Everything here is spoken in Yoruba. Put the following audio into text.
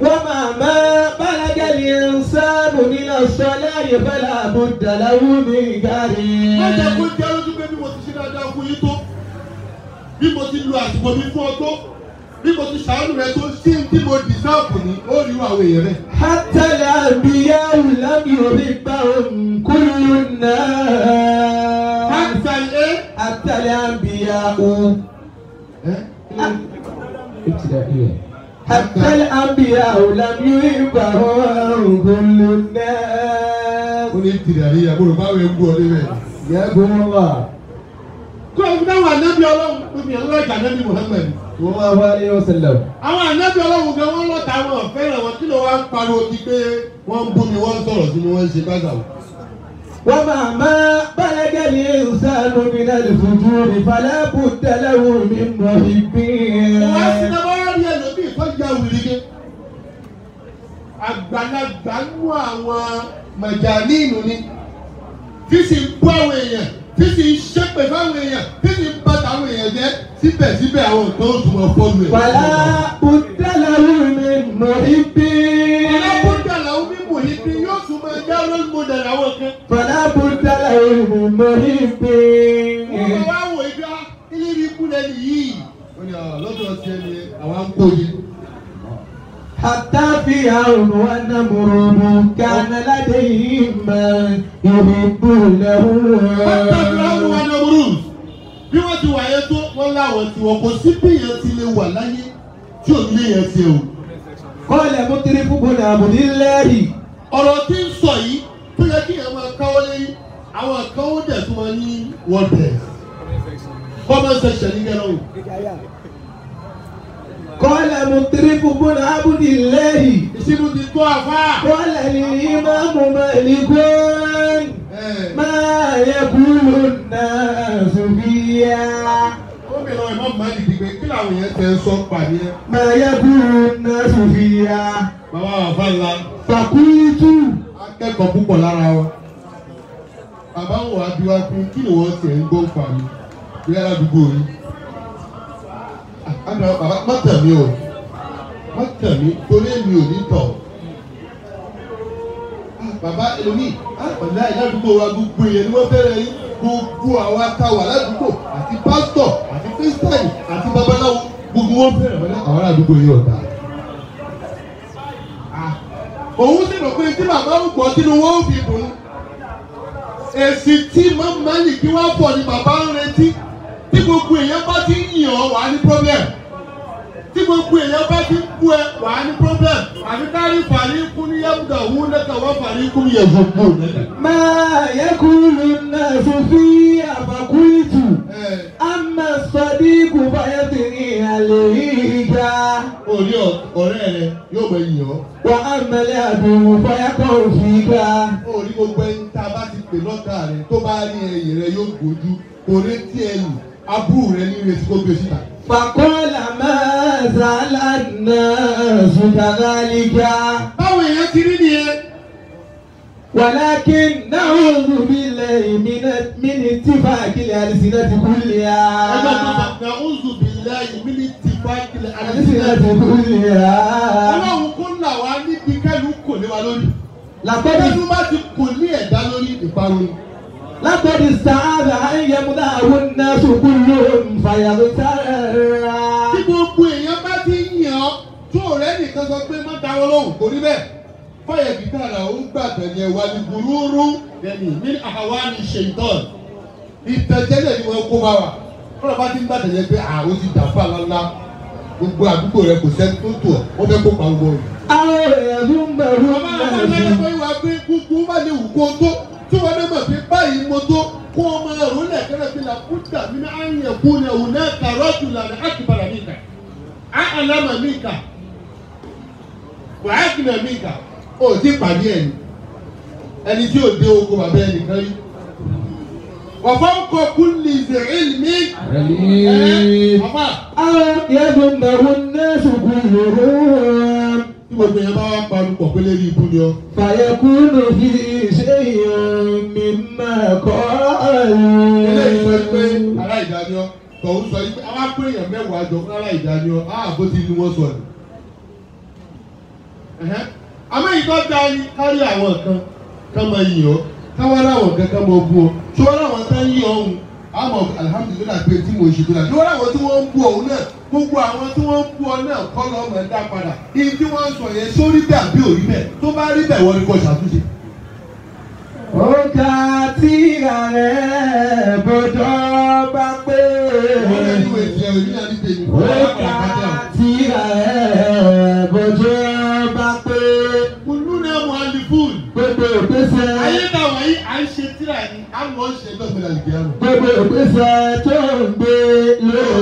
ومهما بلغ الإنسان من الصلاة فلا بد له من كريم. má jẹ́ kó jẹ́ lójú pé bí mo ti ṣe dáadáa fún yín tó bí mo ti lo àsìkò mi fún ọ tó bí mo ti ṣàánú rẹ tó ṣí n tí mo dìsáàpù ní ó rí àwọn èèyàn rẹ. hátàlá àbíyá òlámi òbí gbà òǹkúlù náà. hátàlẹ́. hátàlẹ́ àbíyá o. ẹ ẹ ah. ti dà bí ẹ. حتى الأنبياء لم يبهوا كل الناس. ó ní tìrìàrí àbúrò báwo ń gbọ́ níbẹ̀. yẹ kó wọn wà. kó o fún àwọn anábì ọlọ́run tó fi ẹ̀rọ ìjà anábì Muhammad. wọ́n máa wá ní ọ̀sẹ̀lẹ̀. àwọn anábì ọlọ́run gan wọ́n lọ́ta àwọn ọ̀fẹ́ràn wọn kí ló wá ń pariwo ti pé wọ́n ń bú mi wọ́n ń sọ̀rọ̀ sí mi wọ́n ń ṣe bága o. wọ́n máa má bẹ́lẹ́gẹ́ ní ìsàlùmí náà lè fojú rí falẹ́ bù tẹ́lẹ̀ wù mí mọ̀ ìpín. wọ́n á sí náà àgbàlagbà nú àwọn mọ̀jàmínú ni tí sì ń bọ́ àwọn èèyàn tí sì ń ṣépè fáwọn èèyàn tí sì ń bàtà àwọn èèyàn jẹ́ síbẹ̀síbẹ̀ àwọn nǹkan oṣù wọn fọ́ọ̀lù ẹ̀. wàlá bùdàlà mi mọ̀ ibi. wàlá bùdàlà mi mọ̀ ibi yóò tún máa já lórí mo dàrá wọn kan. wàlá bùdàlà mi mọ̀ ibi. wọ́n wá wò ibi á ilé ibi kú lẹ́nu yìí. ó ní ah, lọ́dọ̀ ọtí ẹni àwọn ń kó yìí. حتى فرعون ونمرهم كان لديهم ما يحبونه حتى فرعون ونمرهم bí wọ́n ti wáyé tó wọ́n láwọn tí wọ́n kò sí bí èèyàn ti lè wà láyé tí ò ní èèyàn ti o. kọ́ọ̀lẹ̀ mú kiri fúnbó ní àbùdí lẹ́ẹ̀rì. ọ̀rọ̀ Bọ́lá Mùtíríkù Bọ́lá Ábùdí lẹ́yìn. Ìṣirò ti tó àfá. Bọ́lá ni Ìmáàmù Màlíkó. Máa yẹ kúrò náà sùbíyá. Ó bẹ̀rẹ̀ ìmọ̀ Màlí dìgbẹ́ kí làwọn yẹn tẹ sọ pàdé. Máa yẹ kúrò náà sùbíyá. Bàbá àfa ńlá. Fàkúrítù. Akẹ́kọ̀ọ́ púpọ̀ lára wa. Bàbá wò á bí kí ni wọ́n ti ń gbọ́ pàmì. Bí àgbà bàbá má tàn mí o má tàn torí èmi ò ní tọ̀ ah, bàbá ẹlòmíì àpàdé ah, àìládùúgbò wa gbogbo èèyàn ni wọ́n fẹ́rẹ̀ yín gbogbo àwọn akáwà ládùúgbò àti pásítọ̀ àti kírísítàì àti babaláwo gbogbo wọn fẹ́rẹ̀ wọlé àwọn aládùúgbò yìí ọ̀dà ah, òun sì rò pé tí màmá ń gbọ́ sínú wọn ò fi dùn. èsì tí màmá yìí kí wọ́n pọ̀ ni bàbá ń retí tí gbogbo èèyàn bá ti ń yàn wá ní pọ́blẹ́mù tí gbogbo èèyàn bá ti kú ẹ wà á ní problem àbí kárí fàrí kú ní yẹ́bùdà òun lẹ́kẹ̀ wọ́n fàrí kú ní yẹ̀fọ́ kú. máa yẹ kú lu náà fífi àbàkú ìtù àmà sọdí kù báyọ̀ ti ní ìhàlẹ̀ yìí ga. orí ọ̀rẹ́ rẹ yóò bẹ yìn ọ́. wà á mẹ́lẹ̀ àbẹ̀wò báyà kọ́ òfin ga. orí gbogbo ẹni tá a bá ti pè lọ́tà rẹ tó bá rí ẹyìn rẹ yóò gbójú kò retí ẹyìn abúrú rẹ ní retí kó gbé síta. fàkọ́lá máa yazal annasu kadhalika. báwo èèyàn ti rí nìyẹn. walakin na'udhu billahi min ittifaqil alsinati kulliha. ẹ bá tó bá na'udhu billahi min ittifaqil alsinati kulliha. ọlọ́run kó là wá níbi kẹ́lu kò lé wa lórí. làkọ́ni kẹ́lu bá ti kò ní ẹ̀dá lórí ìparun. làkọ́ni sàárà ayẹ̀mú náà wọ́n náà sọ kúlò. wàlúgbùrúurú lẹ́nu ní àwa ni ṣèǹtọ́n ni wọ́n kó bá wa kọ́lá bá ti ń bá tẹ̀lé pé àwọn ti dà fún gbogbo àdúgbò rẹ kò sẹ́ni tó tù ọ́ wọ́n kó pa owó àwọn èèyàn ń bẹ̀rù ọmọ àwọn ọmọ ẹgbẹ́ wa pé gbogbo má lè wù kó tó tí wọ́n dẹ́gbẹ̀ pé báyìí mo tó kó ọmọ ẹ̀rọ lẹ̀ kẹ́lẹ́ fi là kúta mi ní àyẹ̀ kú ni òun náà kàrọ́ọ̀tù là ní àkìbàrà mi kà á àlámà mi kà ẹni tí ò dé oko bàbá ẹnìkan yìí. Wàfọ̀ nkọ kúlì zèrèl mi. Àwọn yẹ́dùn náà ń ná ṣùgbọ́n yòrò. Tí gbogbo bá wá parí pọ̀ pé lérí ibú ni ọ. Fàyẹ̀kúnù fi ṣe ìyàn máa kọ́ àlù. Ilé ìfẹ́ pé ará ìdániọ́ tọ̀hún sọ yìí pé àwọn apẹ̀yàn mẹ́wàá jọ fún ará ìdániọ́ ti ní wọ́n sọ̀rọ̀ àmọ́ ìtọ́jà kárí àwọn kan ká máa yìn ọ́ káwá láwọn kan ká máa bú ọ ṣọwọ́ láwọn tá ń yìn ọ̀hún àmọ́ alihamudulilayi pé tí mo ṣe tó dáa ṣọwọ́ láwọn tí wọ́n ń bú náà gbogbo àwọn tí wọ́n ń bú náà kọ́ lọ́ mọ̀ dá padà ibi tí wọ́n sọ yẹn sórí bẹ́ẹ̀ àbí òrí bẹ́ẹ̀ tó bá rí bẹ́ẹ̀ wọ́n ni kò ṣàtúnṣe. ọ̀gá tíra rẹ̀ bọ́dọ̀ bá pé. wọ́n lè ní ìwé ìjẹun ìrìnàlí Gbogbo ìpèsè. Ayé náà wọ̀nyí à ń ṣe tíra ni, àwọn ò ṣe lọ́gbẹ̀rẹ̀ àlùkìyàmù. Gbogbo ìpèsè tó ń gbé lóò.